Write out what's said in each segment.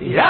Yeah.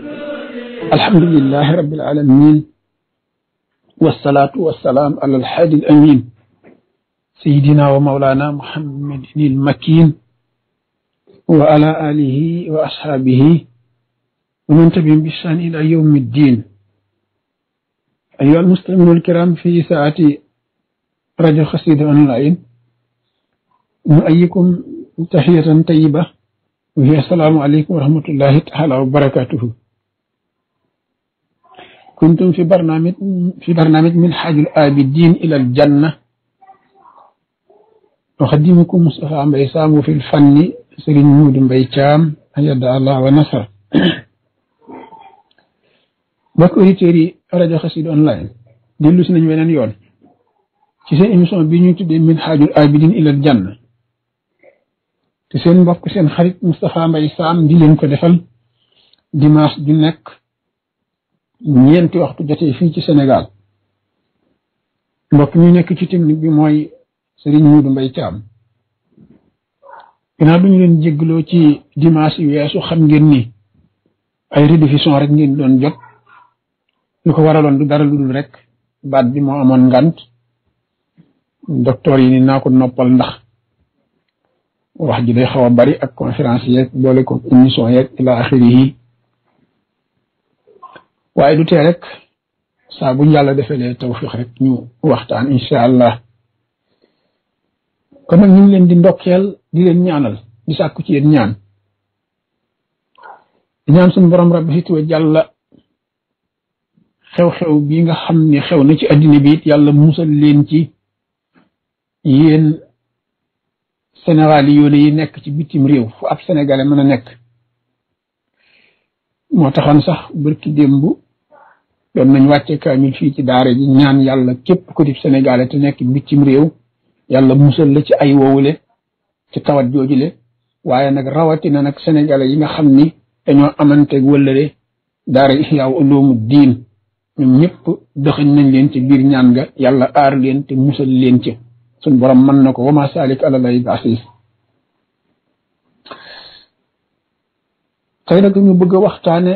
الحمد لله رب العالمين والصلاة والسلام على الحادي الأمين سيدنا ومولانا محمد المكين وعلى آله وأصحابه ومن تبين بإحسان إلى يوم الدين أيها المسلمون الكرام في ساعة راديو خسيد العين نؤيكم تحية طيبة وهي السلام عليكم ورحمة الله تعالى وبركاته كنتم في برنامج في برنامج من حاج الآبدين إلى الجنة نقدمكم مصطفى عم عصام في الفن سرين نود بيتام أيد الله ونصر بكوري تيري رجع خسيد أونلاين دلوس نجمنا نيون كيسين إمسون بينيو تدي من حاج الآبدين إلى الجنة كيسين بكوسين خريط مصطفى عم عصام دي لنكو دفل ديماس دي نك ñeenti waxtu jotee fi ci Sénégal mbokk ñu nekk ci technique bi mooy Serigne Moudou Mbaye Thiam ginnaaw bi ñu leen jéggloo ci dimanche yu weesu xam ngeen ni ay rédivision rek ngeen doon jot lu ko waraloon du dara lu rek baat bi moo amoon ngant docteur yi ni naa ko noppal ndax wax ji day xaw a bari ak conférence yeeg boole ko émission yeeg ila axiri waaye du tee rek saa buñ yàlla defalee tawfiq rek ñu waxtaan incha allah kon nag ñu leen di ndokkeel di leen ñaanal di sàkku ci yéen ñaan di ñaan suñu borom rabbi si tuwa jàlla xew-xew bi nga xam ni xew na ci addina bi it yàlla musal leen ci yéen sénégal yi yoone yi nekk ci bitim réew fu ab sénégalais mën a nekk moo taxan sax bërki démb doon nañ wàcce kaamil fii ci daara ji ñaan yàlla képp ku di Sénégalais te nekk bitim réew yàlla musal la ci ay woowule ci tawat joojule waaye nag rawatina nag senegale yi nga xam ni dañoo amanteeg wëllëre daara Ihyaa Uloomu Diin ñoom ñëpp dëxañ nañ leen ci biir ñaan nga yàlla aar leen te musal leen ci suñ borom mën na ko wama salik alalay bi tey nag ñu bëgg a waxtaane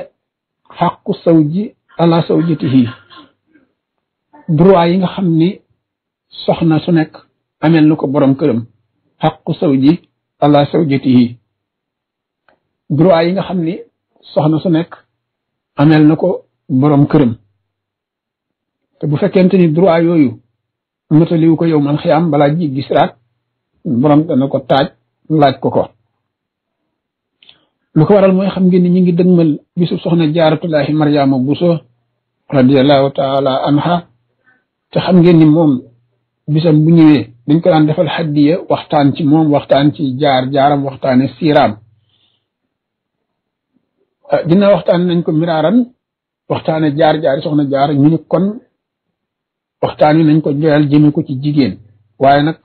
xàqu saw ji ala saw jatihi droit yi nga xam ni soxna su nekk amel na ko borom këram xàqu saw ji ala saw jatihi droit yi nga xam ni soxna su nekk amel na ko borom këram te bu fekkente ni droit yooyu mataliwu ko yow man xiyaam balaa jig gisraat borom na ko taaj laaj ko ko lu ko waral moy xam ngeen ni ñu ngi dëgmal bisu soxna jaaratullahi maryaama buso radiyallahu taala anha te xam ngeen ni mom bisam bu ñewé dañ ko daan defal hadiya waxtaan ci mom waxtaan ci jaar jaaram waxtaane siram dina ah, waxtaan nañ ko miraaran waxtaane jaar jaar soxna jaar ñu ni kon waxtaan nañ ko jël jëme ko ci jigéen waye nak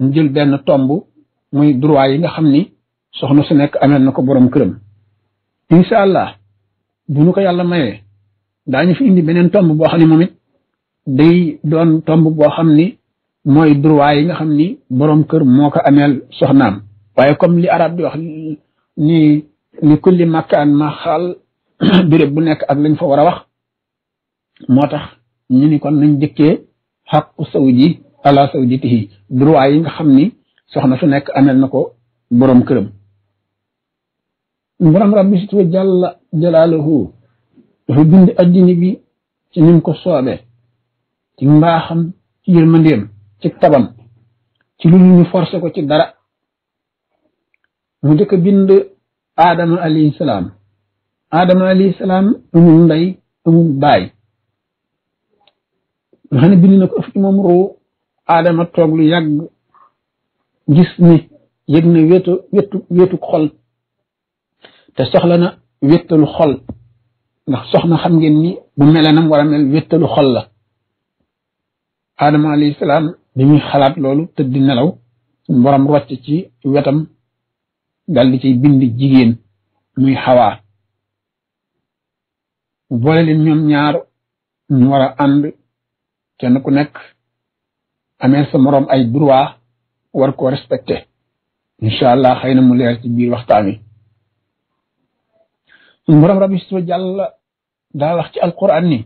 ñu jël ben tombu muy droit yi nga xam soxna su nekk amel na borom këram incha allah bu nu ko yàlla mayee daañu fi indi beneen tomb boo xam ne moom day doon tomb boo xam ni mooy droit yi nga xam ni borom kër moo ko ameel soxnaam waaye comme li arab di wax ni ni kulli makkaan ma xaal béréb bu nekk ak lañ fa war a wax moo tax ñu ni kon nañ jëkkee xaqu sawji ala sawjitihi droit yi nga xam ni soxna su nekk amel na borom këram borom rabbi si wa jàlla jalaaluhu dafa bind addini bi ci nim ko soobee ci mbaaxam ci yërmandeem ci tabam ci lu ñu forcé ko ci dara mu njëkk a bind aadama alayhi salaam aadama alayhi salaam amul ndey amul baay nga bind na ko ëf moom ruu aadama toog lu yàgg gis ni yëg na wetu wetu xol te soxla na wéttalu xol ndax soxna xam ngeen ni bu melenam war mel wéttalu xol la aadama alayhi salaam bi muy xalaat loolu tëdd di nelaw borom rocc ci wetam dal di ciy bind jigéen muy xawa boole leen ñoom ñaar mu war a ànd kenn ku nekk amee sa moroom ay droit war ko respecté incha allah xëy na mu leer ci biir waxtaan wi borom rabbi su jàll daa wax ci alquran ni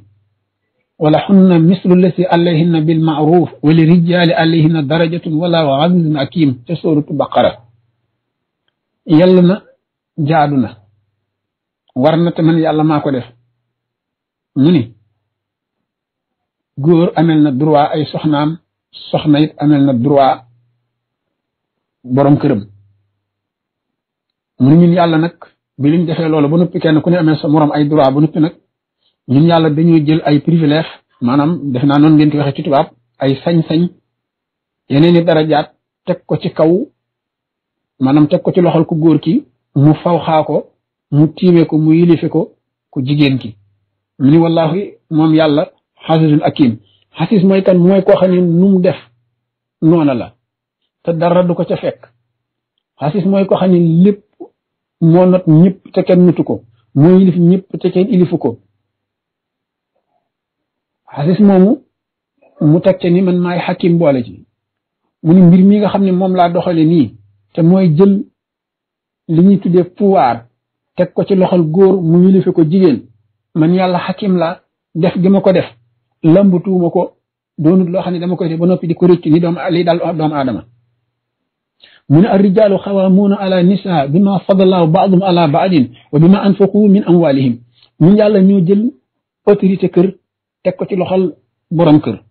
wala xunna mislu lasi alayhinna bil maaruf wali rijaali alayhinna darajatun wala azizun akim ca sóoratu baqara yàlla na jaadu na war na te man yàlla maa ko def ñu ni góor amel na droit ay soxnaam soxna it amel na droit borom këram mu ni ñun yàlla nag biñu defé lolu bu ba kenn ku ne amé sa morom ay droit bu noppi nak ñun yàlla dañuy jël ay privilège manam def na non ngeen ci waxe ci tubab ay sañ-sañ yeneeni dara jaat tek ko ci kaw manam tek ko ci loxol ku góor ki mu faw xaa ko mu tiime ko mu yilife ko ku jigen ki ni wallahi mom yàlla xasisun akim xasis moy kan moy ko xam ne nu mu def nonala te dara du ko ca fek xasis moy ko xam lépp moo not ñëpp te kenn ko moo yilif ñëpp te ilifu ko xasis moomu mu teg te ni man maay xakim boole ci mu mbir mi nga xam ne moom laa doxale nii te mooy jël li ñuy tuddee pouvoir te ko ci loxol góor mu yilife ko jigéen man yàlla xakim laa def gi ma ko def lambatuuma ko doonut loo xam ne dama koy def ba noppi di ko rëcc ni doom li dal doomu aadama من الرجال خوامون على النساء بما فضل الله بعضهم على بعض وبما انفقوا من اموالهم من يالا نيو جيل اوتوريتي كير تكو سي لوخال بوروم كير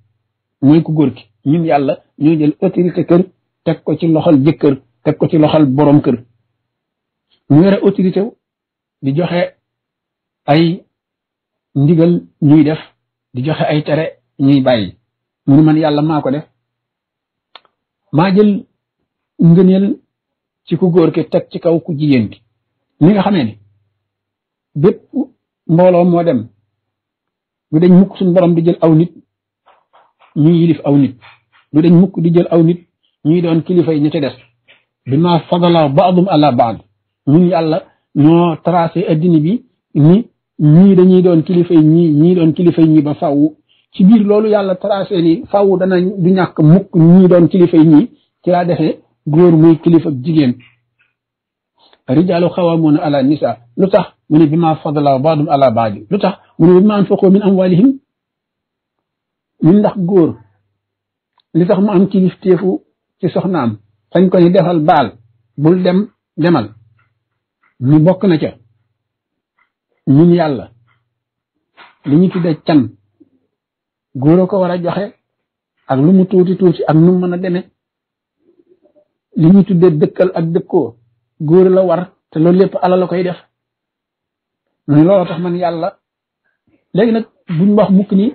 موي كو غوركي نيم يالا نيو جيل اوتوريتي كير تكو سي لوخال جيكير تكو سي لوخال بوروم كير مو يرا اوتوريتي دي جوخي اي نديغال نيي ديف دي جوخي اي تري نيي باي من من يالا ماكو ديف ما جيل ngëneel ci ku góor ki teg ci kaw ku jigéen ki li nga xamee ne bépp mbooloo moo dem lu dañ mukk suñ borom di jël aw nit ñuy yilif aw nit lu dañ mukk di jël aw nit ñuy doon kilifa yi ñu ci des bi ma fadala baadum ala yàlla ñoo tracé addina bi ni ñii dañuy doon kilifa yi ñii doon kilifa ñii ba fàww ci biir loolu yàlla tracé ni faw dana du ñàkk mukk ñii doon kilifa yi ñii ci laa defee góor muy kilifa ak jigéen rijaalu xawaamuuna ala nisaa lu tax mu ne bi maa fadala baadum ala baadi lu tax mu ne bi maa anfaqoo min amwaalihim ñun ndax góor li tax mu am kilifteefu ci soxnaam sañ ko ni defal baal bul dem demal ñu bokk na ca ñun yàlla li ñu tudde can góor a ko war a joxe ak lu mu tuuti tuuti ak nu mu mën a demee li ñuy tuddee dëkkal ak dëkkoo góor la war te loolu lépp ala la koy def loolu looloo tax man yàlla léegi nag buñ wax mukk ni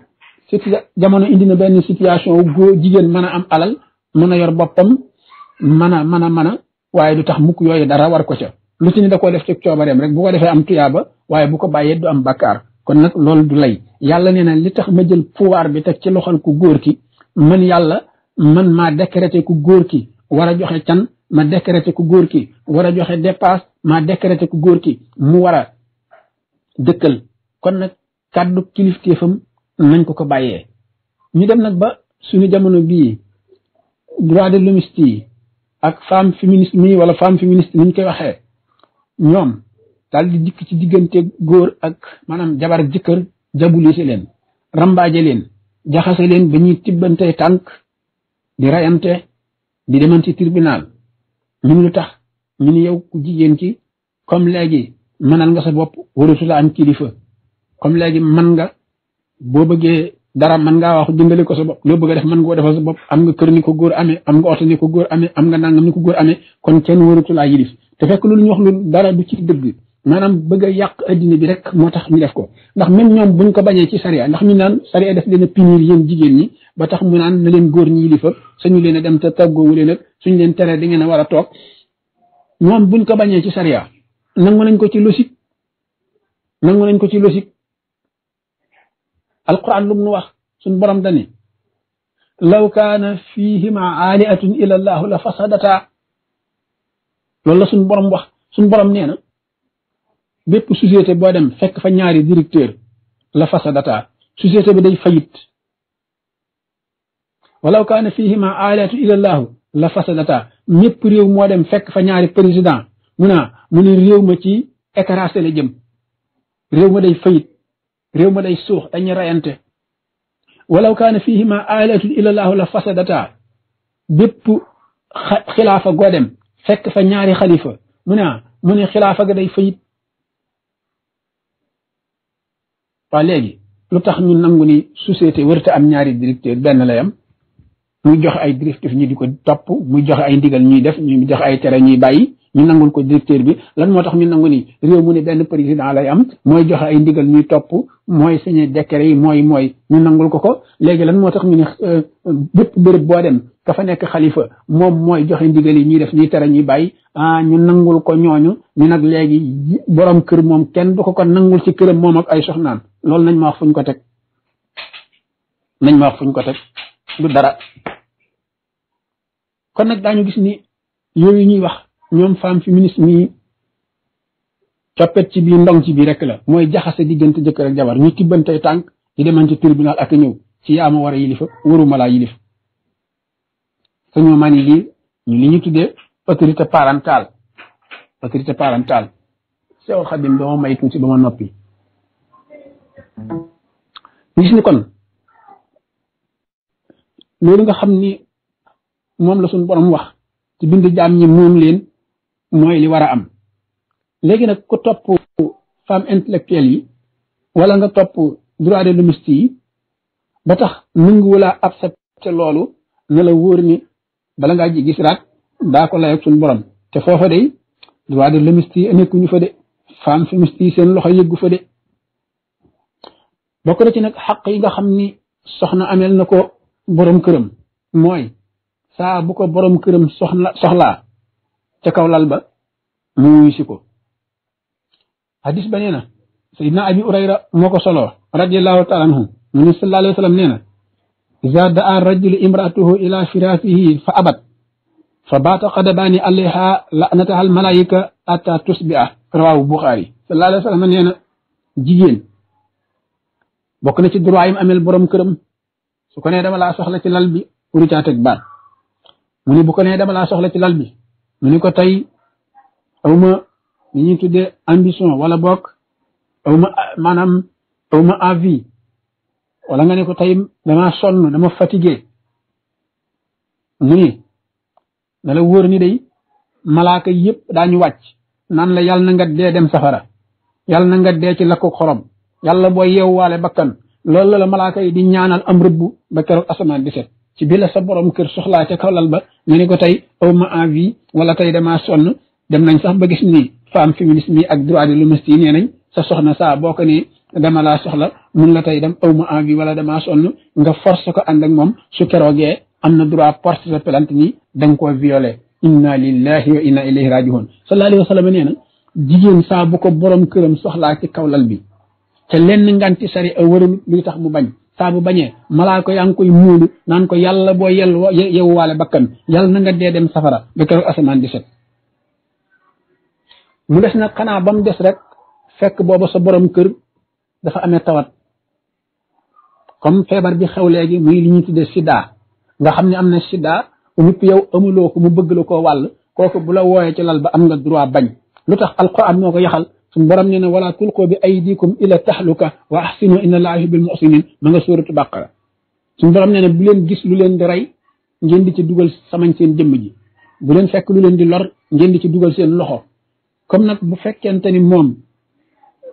jamono indi na benn situation góor jigéen mën a am alal mën a yor boppam mën a mën a mën a waaye du tax mukk yooyu dara war ko ca lu ci ni da koo def ci coobareem rek bu ko defee am tuyaaba waaye bu ko bàyyee du am bakkaar kon nag loolu du lay yàlla nee na li tax ma jël pouvoir bi teg ci loxol ku góor ki man yàlla man maa décrété ku góor ki war a joxe can ma décrété ku góor ki war a joxe dépasse ma décrété ku góor ki mu war a dëkkal kon nag kàddu kilifteefam nañ ko ko bàyyee ñu dem nag ba suñu jamono bii droit de l'homiste yi ak femme féministe mi wala femme féministe ni ñu koy waxee ñoom dal di dikk ci diggante góor ak maanaam jabar ak jëkkër jabulise leen rambaaje leen jaxase leen ba ñuy tibbante tànk di rayante di deman ci tribunal ñu ngi tax ñu nu yow ku jigéen ki comme léegi mënal nga sa bopp waratu la am kilifa comme léegi mën nga boo bëggee dara mën ngaa wax jëndale ko sa bopp loo bëgg a def mën nga ko bopp am nga kër ni ko góor ame am nga oto ni amee am nga nangam ni ko góor amee kon kenn waratu laa yilif te fekk lu ñu wax loolu dara bu ci dëgg maanaam bëgg a yàq addina bi rek moo tax ñu def ko ndax même ñoom buñ ko bañee ci sariya ndax ñu naan sariya def leen a punir yéen jigéen ñi ba tax mu naan na leen góor ñi li fa leen a dem te tàggoowu leen ak suñ leen tere di ngeen a war a toog moom buñ ko bañee ci sariya nangu nañ ko ci logique nangu nañ ko ci logique alquran lu mu wax suñ borom dani law kaana fihima aliatun ila llahu la fasadata loolu la suñ borom wax suñ borom nee na bépp société boo dem fekk fa ñaari directeur la fasadata société bi day fayit ولو كان فيهما آلهة إلا الله لفسدتا نيب ريو مودم فك فا نياري بريزيدان مونا موني ريو ما تي اكراسي لا جيم ريو ما داي فايت ريو ما داي سوخ داني رايانت ولو كان فيهما آلهة إلا الله لفسدتا بيب خلافة غودم فك فا نياري خليفة مونا موني خلافة داي فايت با لو تخ ني نانغوني سوسيتي ورتا ام نياري ديريكتور بن لا يام muy joxe ay directive ñu di ko topp muy joxe ay ndigal ñuy def ñu joxe ay tere ñuy bay ñu nangul ko directeur bi lan moo tax ñu nangu ni réew mu benn président lay am mooy joxe ay ndigal ñuy topp mooy signé décret yi mooy mooy ñu nangul ko ko léegi lan moo tax ñu ne euh, bépp bërëb boo dem ka fa nekk xalifa moom mooy joxe ndigal yi ñuy def ñuy tere ñuy bay ah ñu nangul ko ñooñu ñu nag léegi boroom kër moom kenn du ko ko nangul ci këram moom ak ay soxnaan loolu nañ ma wax fuñ ko teg nañ ma wax fuñ ko teg du dara kon nag daañu gis ni yooyu ñuy wax ñoom femme féministe nii coppet ci biir ndong ci biir rek la mooy jaxase diggante jëkkër ak jabar ñu tibbantey tànk di deman ci tribunal ak ñëw ci yaama war a yilifa waruma laa yilif te ñoo mani lii ñu li ñu autorité parentale autorité parentale Seex may tuuti ba ma noppi gis ni kon loolu nga xam ni moom la suñ borom wax ci bind jaam ñi moom leen mooy li war a am léegi nag ku topp femme intellectuelle yi wala nga topp droit de l'hommiste yi ba tax nanguwulaa accepté loolu ne wóor ni bala ngaa ji gis raat daa ko layoog suñu borom te foofa de droit de l'hommiste yi nekkuñu fa de femme féministe yi seen loxo yëggu fa de bokk na ci nag xaq yi nga xam ni soxna ameel na ko boroom këram mooy saa bu ko borom këram soxla ca kaw lal ba mu wuyu hadis ba nee na sayidna abi urayra moo ko soloo radiallahu taala anhu mu ne sallallahu alayhi wa na daa rajulu imraatuhu ila firaasihi fa abat fa baata qadabaani alayha lanataha almalaayika ata tusbi'a rawaahu buxaari sallallahu alayhi wa sallam nee na jigéen bokk na ci droit yi mu amel borom këram su ko nee dama laa soxla ci lal bi uritaa teg baat mu ni bu ko dama laa soxla ci lal bi mu ni ko tey awma li ñu tuddee ambition wala bokk awma maanaam awma envie wala nga ne ko tey dama sonn dama fatigué mu ni na la wóor ni day malaaka yëpp daañu wàcc nan la yàlla na nga dee dem safara yàlla na nga dee ci lakku xorom yàlla booy yeewwaale bakkan loolu la malaaka yi di ñaanal am rëbb ba keroog asamaan di set ci bi la sa borom kër soxlaa ca kawlal ba nga ni ko tey aw ma envie wala tey dama sonn dem nañ sax ba gis ni femme féministe mi ak droit de l'homme yi nee nañ sa soxna saa boo ko ni dama laa soxla mun la tey dem aw ma envie wala dama sonn nga force ko ànd ak moom su keroogee am na droit porte sa plante ni da nga koo violé inna lillahi wa inna ilayhi rajiun sallallahu alayhi wa sallam nee na jigéen saa bu ko borom këram soxlaa ci kawlal bi te lenn nganti sari a wëralu luy tax mu bañ saa bu bañee malaaka yaa ngi koy muulu naan ko yàlla boo yellu yewwaale bakkan yàlla na nga dee dem safara ba keroog asamaan di set mu des nag xanaa ba des rek fekk booba sa boroom kër dafa amee tawat comme feebar bi xew léegi muy li ñu tuddee sida nga xam ne am na sida ñëpp yow amuloo ko mu bëgg la koo wàll kooku bu la wooyee ci lal ba am nga droit bañ lu tax alquran moo ko yaxal suñu borom nee na wala tulqoo bi ay aydikum ila tahluka wa ahsinu inna allaha yuhibbul muhsinin ma nga suuratu baqara suñu borom nee ne bu leen gis lu leen di rey ngeen di ci dugal samañ seen jëmm ji bu leen fekk lu leen di lor ngeen di ci dugal seen loxo comme nag bu fekkente ni moom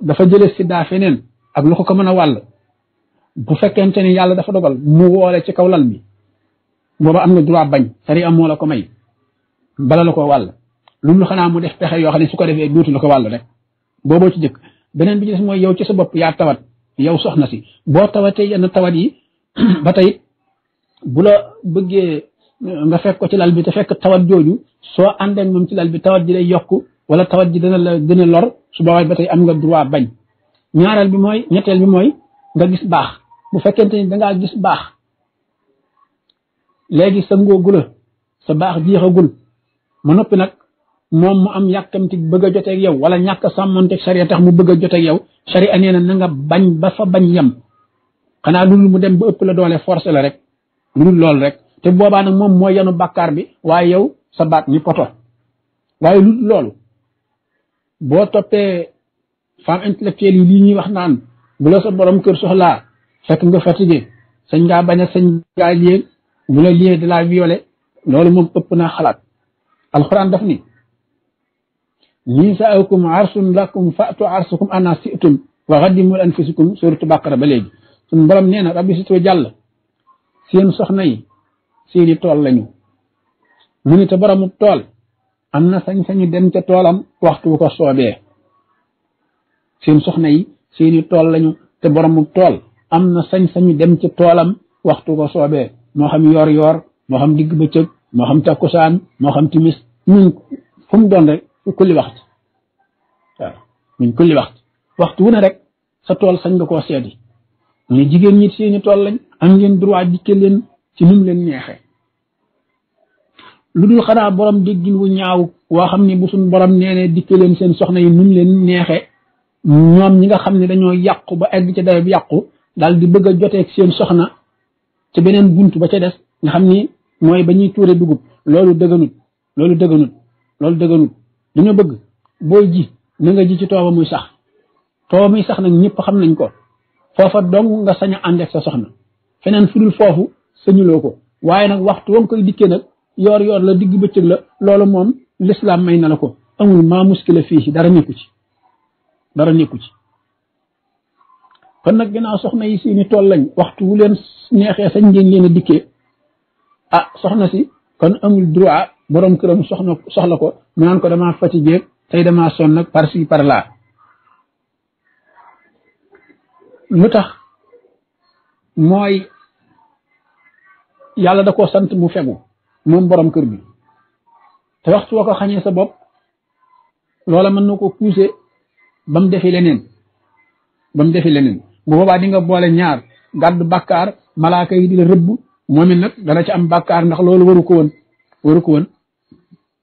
dafa jëlee sida feneen ak lu ko mën a wàll bu fekkente ni yàlla dafa dogal mu woole ci kaw lal bi boobu am na droit bañ sari am moo la ko may bala la wàll lu mu xanaa mu def pexe yoo xam ne su ko defee duutu la ko wàll rek booboo ci njëkk beneen bi ci des mooy yow ci sa bopp yaa tawat yow soxna si boo tawatee na tawat yi ba tey bu la bëggee nga fekkoo ci lal bi te fekk tawat jooju soo àndeen moom ci lal bi tawat ji lay yokk wala tawat ji dana la gën a lor su ba tey am nga droit bañ ñaareel bi mooy ñetteel bi mooy nga gis baax bu fekkente ni dangaa gis baax léegi sa ngóogu la sa baax jeexagul ma noppi nag mom mu am ci bëgg jotté ak yow wala ñak samonté sharia tax mu bëgg jotté ak yow sharia nee na nga bañ ba fa bañ yem xana lu mu dem ba ëpp la doole forcé la rek lu lool rek te boba nak mom mooy yanu bakkar bi waye yow sa baat ni poto waye lu lool bo topé fam intellectuel yi wax naan bu la sa borom kër soxla fekk nga fatigué señ nga baña señ sañ bu la lié de la violé lool mom ëpp na xalaat alcorane daf ni nisaaukum arsun lakum fatu arsukum ana situm wa xaddimul anfusikum suratu bàqara ba léegi suñ borom nee na rabbi sitoo jàll seen soxna yi seeni tool lañu mu ni te boromu tool am na sañ-sañu dem ca toolam waxtu ko soobee seen soxna yi seeni tool lañu te borom boromu tool am na sañ-sañu dem ca toolam waxtu ko soobee moo xam yoor yor moo xam digg bëccëg moo xam takkusaan moo xam timis ñun fu mu doon rek fi waxtu waaw min kulli waxtu wu ne rek sa tool sañ nga koo seeti mais jigéen ñi seeni tool lañ am ngeen droit dikke leen ci num leen neexee lu dul xanaa borom déggin wu ñaaw woo xam ne bu suñ borom nee ne dikke leen seen soxna yi num leen neexee ñoom ñi nga xam ne dañoo yàqu ba egg ci bu yàqu daal di bëgg a joteeg seen soxna ci beneen bunt ba ca des nga xam ni mooy ba ñuy tuure dugub loolu dëgganut loolu dëgganut loolu dëgganut dañoo bëgg booy ji na nga ji ci tooba muy sax tooba muy sax nag ñëpp xam nañ ko foofa dong nga sañ a ànd sa soxna feneen fu dul foofu sañuloo ko waaye nag waxtu wa nga koy dikkee nag yoor yoor la digg bëccëg la loolu moom lislaam may na la ko amul maa muskila fii si dara nekku ci kon nag ginnaaw soxna yi seeni tool lañ waxtu wu leen neexee sañ ngeen leen a dikkee ah soxna si kon amul droit boroom këram soxna soxla ko mu naan ko damaa fatigué tey dama sonn nag par ci par là tax mooy yàlla da ko sant mu fegu moom borom kër bi te waxtu wa ko xañee sa bopp loola mën na ko pousser ba mu defi leneen bam mu defi leneen bu boobaa di boole ñaar gàddu bàkkaar malaaka di la rëbb moom it nag dana ci am bakkaar ndax loolu waru ko woon waru ko woon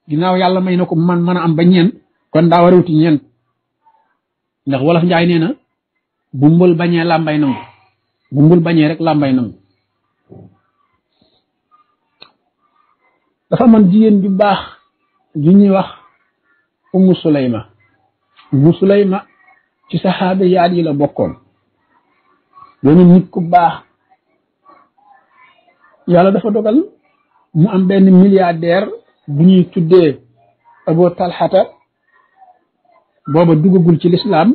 ginnaaw yàlla may na ko man mën a am ba ñeen kon daa war a wuti ñeent ndax wolof njaay nee na bu mbul bañee làmbay nangu bu mbul bañee rek làmbay nangu dafa man jigéen ju baax ju ñuy wax umu sulayma umu sulayma ci saxaaba yaat yi la bokkoon doonu nit baax yàlla dafa dogal mu am benn milliardaire bu ñuy tuddee talxata booba duggagul ci lislaam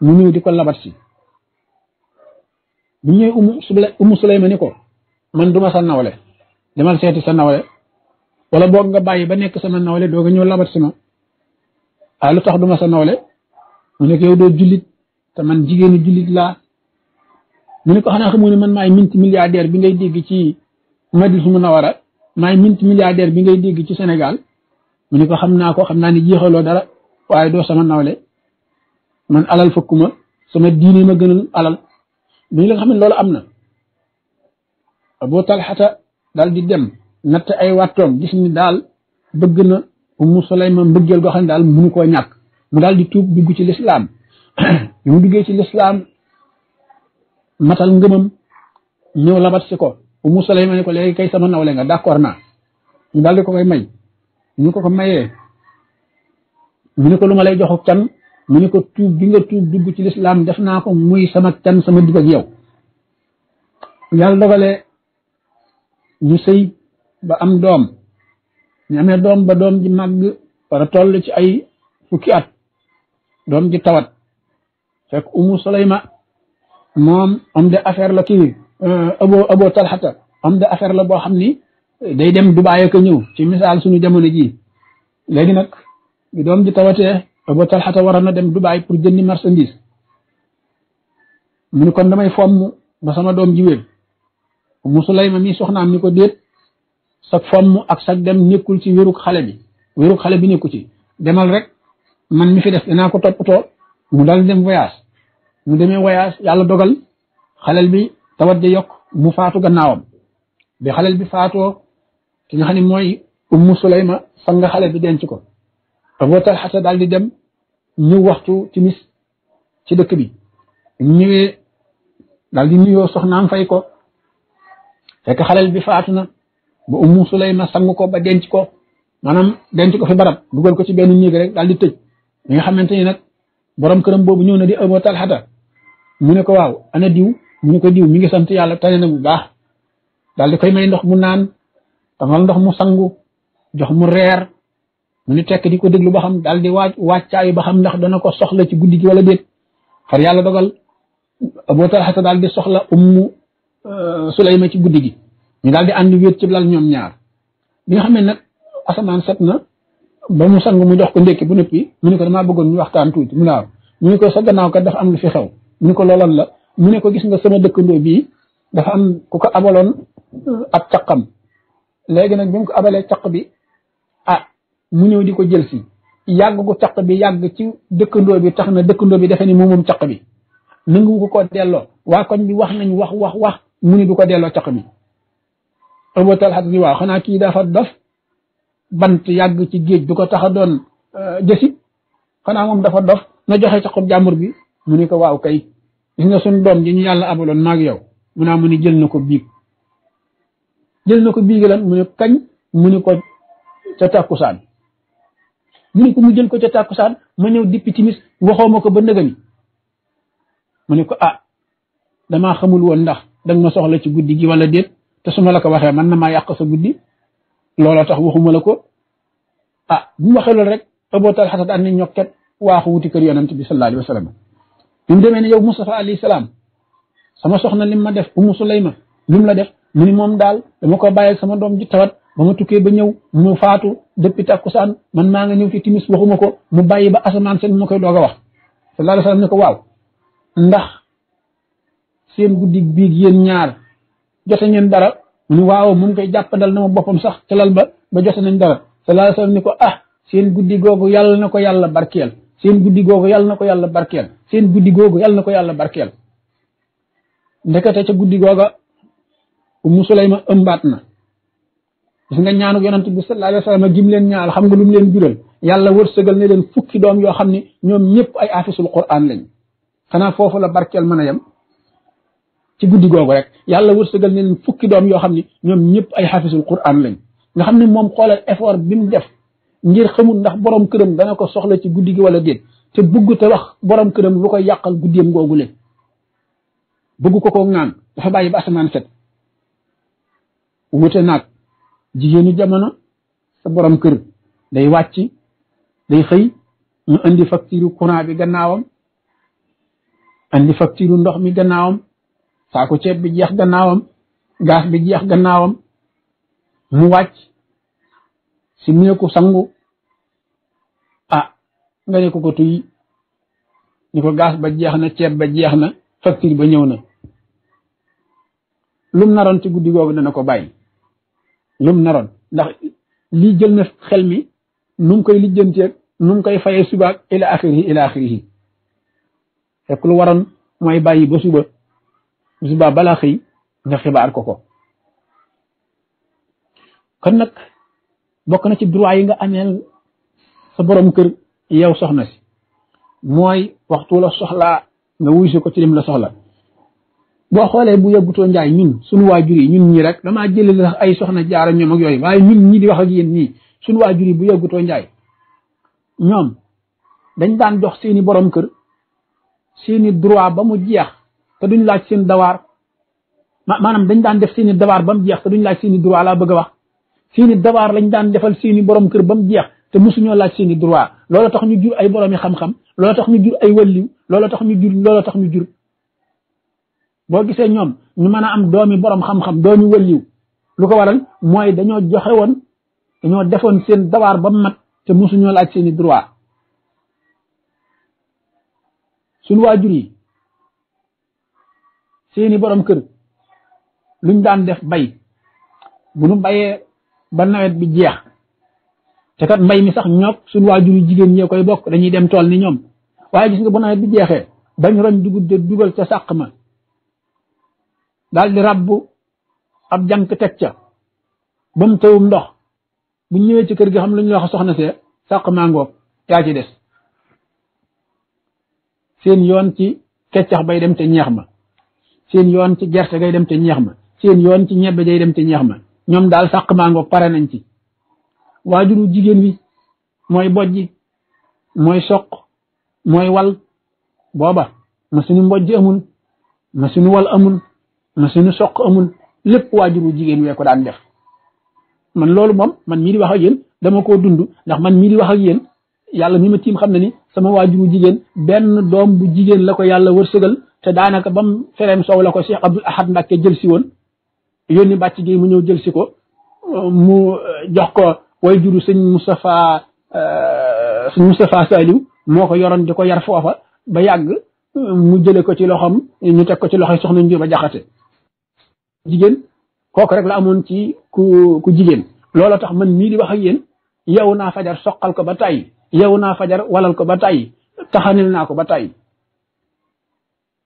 mu ñëw di ko labat si bu ñëwee umu umu suleyma umm ni ko man duma sa nawle demal seeti sa nawle wala boo nga bàyyi ba nekk sama nawle doo a ñëw labat si ma ah, lu tax duma sa nawle mu nekk yow doo jullit te man jigéenu jullit laa mu ne ko xanaa xamoo ne man maay minti milliardaire bi ngay dégg ci Madina Munawara maay minti milliardaire bi ngay dégg ci Sénégal mu ne xam naa ko xam naa ni jeexaloo dara waaye doo sama nawle man alal fëkkuma sama diine ma gënal alal bi nga xam ne loolu am na Abu Talxata dal di dem natt ay wàttoom gis ni daal bëgg na Umu Sulayma mbëggeel goo ne daal mënu koo ñàkk mu daal di tuub dugg ci lislaam bi mu duggee ci lislaam matal ngëmam ñëw labat si ko Umu Sulayma ne ko léegi kay sama nawle nga d'accord naa ñu daal di ko koy may ñu ko ko mayee mu ni ko lu ma lay joxu can mu ni ko tuub gi tuub dugg ci lislaam def naa ko muy sama can sama digg ak yow yàlla dogale ñu sëy ba am doom ñu amee doom ba doom ji màgg wara toll ci ay fukki at doom ji tawat fekk umu solayma moom de d'affaires la kii abo euh, abo talxata homme d'affaires la boo xam ni day dem Dubaay ak ñëw ci misaal suñu jamono ji léegi nag bi doom ji tawatee Abu Talxata waroon na dem Dubaay pour jëndi marchandise mu ni kon damay fomm ba doom ji wér mu Sulayma mi soxnaam ni ko déet sa fomm ak dem nekkul ci wérug xale bi wérug xale bi nekku ci demal rek man mi fi def dinaa ko toppatoo mu dal dem voyage mu demee voyage dogal xalel bi tawat ja yokk faatu gannaawam bi xalel bi faatoo ki nga xam ne mooy ummu Sulayma sang xale bi denc ko Abu Talxa daal di dem mu waxtu timis ci dëkk bi ñëwee daal di nuyoo soxnaam fay ko fekk xalel bi faatu na ba Ummu Sulayma sang ko ba denc ko maanaam denc ko fi barab dugal ko ci benn néeg rek daal di tëj mi nga xamante ni nag borom këram boobu ñëw na di Abu Talxa mu ne ko waaw ana diw mu ne ko diw mi ngi sant yàlla tane na bu baax daal di koy may ndox mu naan tamal ndox mu sangu jox mu reer. mu ni tekk di ko déglu ba xam daal di waaj wàccaay ba xam ndax dana ko soxla ci guddi gi wala déet far yàlla dogal Abu Talha daal di soxla ummu euh, Sulayma ci guddi gi mu daal ànd wéet ci lal ñoom ñaar bi nga xam ne nag asamaan set na ba mu sang mu jox ko ndékki bu noppi mu ne ko ñu waxtaan tuuti mu ne ko sa gannaaw kat dafa am lu fi xew mu ne ko looloon la mu ne ko gis nga sama dëkkandoo bii dafa am ku ko abaloon euh, ab caqam léegi nag bi mu ko abalee caq bi ah, mu ñëw di ko jël si yàgg ko caq bi yàgg ci dëkkandoo bi tax na dëkkandoo bi defe ni moom moom caq bi nanguwu ko ko delloo waa koñ bi wax nañ wax wax wax mu ni du ko delloo caq bi Abu Talha ni waaw xanaa kii dafa dof yàgg ci géej du ko tax a doon euh, jësi xanaa moom dafa dof na joxe caqub jàmbur bi mu ni ko waaw kay gis nga suñ doom ji ñu yàlla abaloon maag yow mu naa mu ni jël na ko biig jël na ko biig lan mu ne kañ mu ni ko ca takkusaan mu ne ko mu jël ko ca tàkkusaan ma ñëw dippi timis waxoo ma ko ba nëgëni mu ne ko ah damaa xamul woon ndax danga ma soxla ci guddi gi wala déet te su ma la ko waxee man na maa yàq sa guddi loola tax waxuma la ko ah bu ma waxee rek abootal xasat an ni ñokket waaxu wuti kër yonent bi sallallahu alayhi wa sallam bi mu demee ne yow Mustafa alayhi salaam sama lim ma def Umu Sulayma la def mu ni moom daal dama ko bàyyi sama doom ji tawat ba ma tukkee ba ñëw mu faatu depuis takkusaan man maa nga ñëw fi timis waxuma ko mu bàyyi ba asamaan seen mu koy doog a wax sallallahu alayhi wasallam ne ko waaw ndax seen guddi biig yéen ñaar jote ngeen dara mu ni waaw mu ngi koy na ma boppam sax ba ba jote nañ dara sallallahu alayhi wasallam ne ko ah seen guddi googu yàlla na ko yàlla barkeel seen guddi googu yàlla na ko yàlla barkeel seen guddi googu yàlla na ko yàlla barkeel ndekete ca guddi googa sulayma ëmbaat gis nga ñaanu yonent bi sallallahu alayhi wasallam gim leen ñaal xam nga lu mu leen jural yàlla wërsëgal ne leen fukki doom yoo xam ni ñoom ñëpp ay afisul quran lañ xanaa foofu la barkeel mën a yem ci guddi googu rek yàlla wërsëgal ne leen fukki doom yoo xam ni ñoom ñëpp ay xafisul quran lañ nga xam ne moom xoolal effort bi mu def ngir xamul ndax borom këram dana ko soxla ci guddi gi wala déet te bëgg te wax borom këram lu koy yàqal guddeem googu le bëgg ko ko ngaan dafa bàyyi ba asamaan set wute naag jigéenu jamono sa borom kër day wàcc day xëy mu indi facture courant bi gannaawam indi facture ndox mi gannaawam saako ceeb bi jeex gannaawam gaas bi jeex gannaawam mu wàcc si meeku sangu ah nga ne ko ko tuy ni ko gaas ba jeex na ceeb ba jeex na facture ba ñëw na lum naroon ci guddi googu dana ko bàyyi lum naron ndax li jël na xel mi num koy lijjanteeg num koy fayee suba ila axirihi ila axirihi fekk lu waron mooy bàyyi ba suba suba bala xëy nga xibaar ko ko kon nag bokk na ci droit yi nga ameel sa borom kër yow soxna si mooy waxtu la soxlaa nga wuy si ko ci lim la soxla boo xoolee bu yàggutoo njaay ñun suñu waajur yi ñun ñi rek damaa jëlee sax ay soxna jaara ñoom ak yooyu waaye ñun ñi di wax a ak yéen ñii suñu waajur yi bu yàggutoo njaay ñoom dañ daan jox seeni borom kër seeni droit ba mu jeex te duñ laaj seen dawaar maanaam dañ daan def seeni dawaar ba mu jeex te duñ laaj seeni droit laa a wax seeni dawaar lañ daan defal seeni borom kër ba mu jeex te mosuñoo laaj seeni droit loola tax ñu jur ay borom yi xam-xam loola tax ñu jur ay wàlliw loola tax ñu tax ñu jur bo gisee ñoom ñu mën a am doomi borom xam-xam doomi wëliw lu ko waral mooy dañoo joxe woon dañoo defoon seen dawaar ba mat te mosuñoo laaj seeni droit suñu waajur yi seeni borom kër luñ daan def bay bu nu bayee ba nawet bi jeex te kat mbay mi sax ñook suñu waajur yi jigéen ñee koy bokk dañuy dem tool ni ñoom waaye gis nga bu nawet bi jeexee bañ roñ dugub de dugal ca sàq ma daal di rabbu ab jànk teg ca ba mu tawum ndox bu ñëwee ci kër gi xam lu ñu wax soxna see sàq mangoog yaa ci des seen yoon ci keccax bay dem te ñeex ma seen yoon ci gerte gay dem te ñeex ma seen ci ñebbe day dem te ñeex ma ñoom daal sàq mangoog pare nañ ci waajuru jigéen wi mooy bojji mooy soq mooy wal booba ma suñu mbojj amul ma suñu wal amul machine soq amul lépp waajuru jigéen wee ko daan def man loolu moom man mii di wax ak yéen dama koo dund ndax man mii di wax ak yéen yàlla mi ma tiim xam na ni sama waajuru jigéen benn doom bu jigéen la ko yàlla wërsëgal te daanaka bam fereem soow la ko si Abdoul Ahad Mbacké jël si woon yónni bàcc gi mu ñëw jël si ko mu eh, jox ko waajuru sëñ Moustapha eh, sëñ Moustapha Saliou moo ko yoroon di ko yar foofa ba yàgg eh, mu jële ko ci loxoom ñu teg ko ci loxoy soxna Njuuba Jaxate jigéen kooku rek la amoon ci ku ku jigéen looloo tax man mii di wax ak yéen yow naa fajar soqal ko ba tàyyi yow naa fajar walal ko ba tàyyi taxanil naa ko ba tàyyi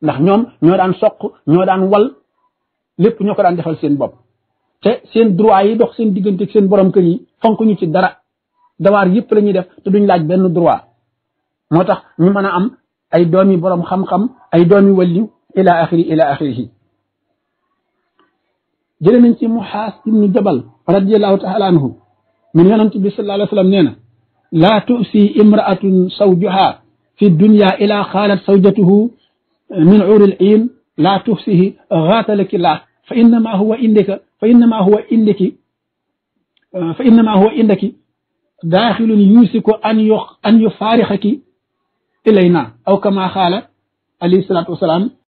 ndax ñoom ñoo daan soq ñoo daan wal lépp ñoo ko daan defal seen bopp te seen droit yi dox seen diggante seen borom kër yi fonk ñu ci dara dawaar yëpp la def te duñ laaj benn droit moo tax ñu mën a am ay doomi borom xam-xam ay doomi wàlliw ila axiri ila axirihi جيري نانتي محاس بن جبل رضي الله تعالى عنه من يونت بي صلى الله عليه نينا لا تؤسي امراه سوجها في الدنيا الى خالت سوجته من عور العين لا تؤسيه غات لك الله فانما هو عندك فانما هو عندك فانما هو إنك داخل يوسك ان يخ ان يفارقك الينا او كما قال عليه الصلاه والسلام